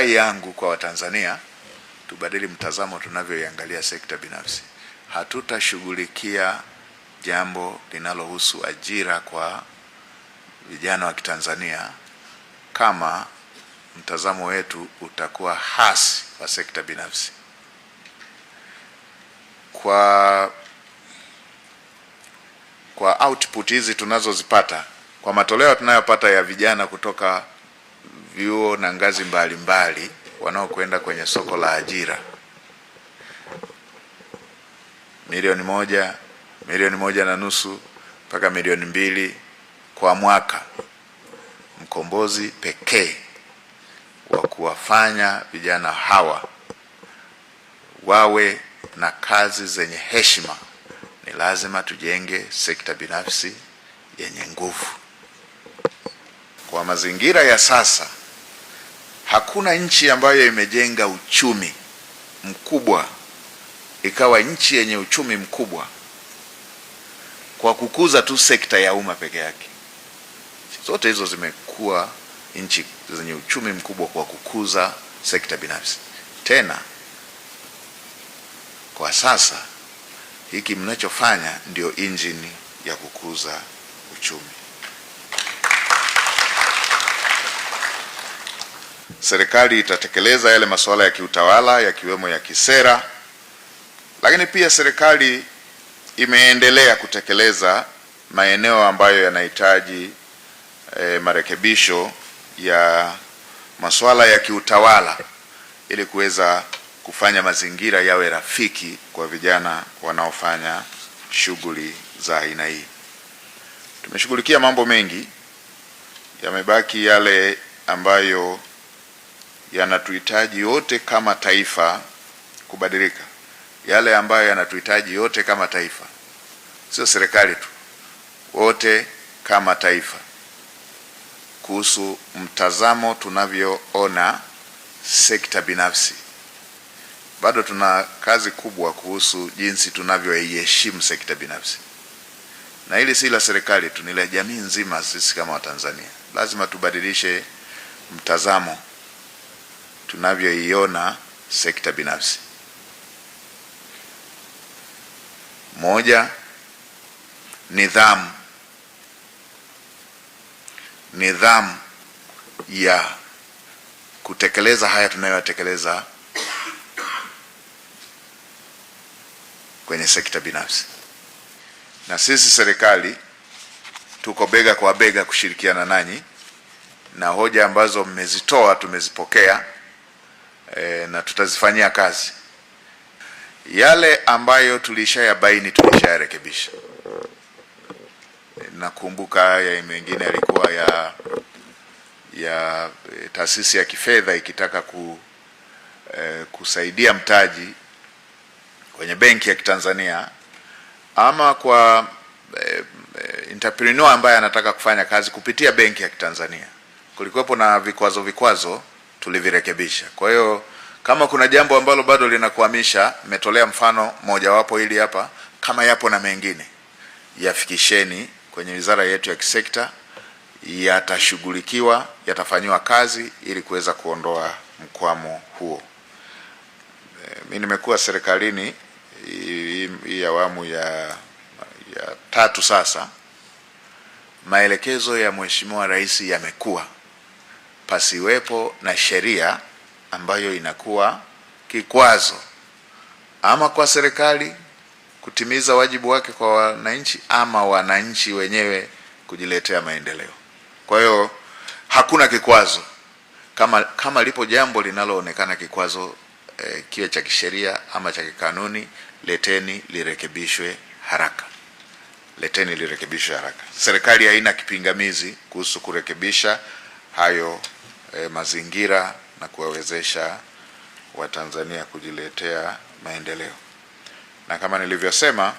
rai yangu kwa Watanzania tubadili mtazamo tunavyoiangalia sekta binafsi. Hatutashughulikia jambo linalohusu ajira kwa vijana wa Kitanzania kama mtazamo wetu utakuwa hasi wa sekta binafsi. Kwa kwa output hizi tunazozipata, kwa matoleo tunayopata ya vijana kutoka vyuo na ngazi mbalimbali wanaokwenda kwenye soko la ajira milioni moja, milioni moja na nusu mpaka milioni mbili kwa mwaka. Mkombozi pekee wa kuwafanya vijana hawa wawe na kazi zenye heshima, ni lazima tujenge sekta binafsi yenye nguvu. Kwa mazingira ya sasa, hakuna nchi ambayo imejenga uchumi mkubwa ikawa nchi yenye uchumi mkubwa kwa kukuza tu sekta ya umma peke yake. Zote hizo zimekuwa nchi zenye uchumi mkubwa kwa kukuza sekta binafsi. Tena kwa sasa hiki mnachofanya ndio injini ya kukuza uchumi. serikali itatekeleza yale masuala ya kiutawala yakiwemo ya kisera, lakini pia serikali imeendelea kutekeleza maeneo ambayo yanahitaji e, marekebisho ya masuala ya kiutawala ili kuweza kufanya mazingira yawe rafiki kwa vijana wanaofanya shughuli za aina hii. Tumeshughulikia mambo mengi, yamebaki yale ambayo yanatuhitaji yote kama taifa kubadilika, yale ambayo yanatuhitaji yote kama taifa, sio serikali tu, wote kama taifa, kuhusu mtazamo tunavyoona sekta binafsi. Bado tuna kazi kubwa kuhusu jinsi tunavyoiheshimu sekta binafsi, na hili si la serikali tu, ni la jamii nzima. Sisi kama Watanzania lazima tubadilishe mtazamo tunavyoiona sekta binafsi. Moja, nidhamu, nidhamu ya kutekeleza haya tunayoyatekeleza kwenye sekta binafsi, na sisi serikali tuko bega kwa bega kushirikiana nanyi, na hoja ambazo mmezitoa tumezipokea e, na tutazifanyia kazi. Yale ambayo tulishayabaini tulishayarekebisha. Nakumbuka haya mengine yalikuwa ya ya e, taasisi ya kifedha ikitaka ku, eh, kusaidia mtaji kwenye benki ya Kitanzania ama kwa eh, entrepreneur ambaye anataka kufanya kazi kupitia benki ya Kitanzania, kulikuwepo na vikwazo vikwazo tulivirekebisha. Kwa hiyo kama kuna jambo ambalo bado linakuhamisha, mmetolea mfano mojawapo ili hapa, kama yapo na mengine yafikisheni kwenye wizara yetu ya kisekta, yatashughulikiwa, yatafanyiwa kazi ili kuweza kuondoa mkwamo huo. E, mi nimekuwa serikalini hii awamu ya, ya tatu sasa. Maelekezo ya Mheshimiwa Rais yamekuwa pasiwepo na sheria ambayo inakuwa kikwazo ama kwa serikali kutimiza wajibu wake kwa wananchi ama wananchi wenyewe kujiletea maendeleo. Kwa hiyo hakuna kikwazo kama, kama lipo jambo linaloonekana kikwazo eh, kiwe cha kisheria ama cha kikanuni, leteni lirekebishwe haraka, leteni lirekebishwe haraka. Serikali haina kipingamizi kuhusu kurekebisha hayo e, mazingira na kuwawezesha Watanzania kujiletea maendeleo. Na kama nilivyosema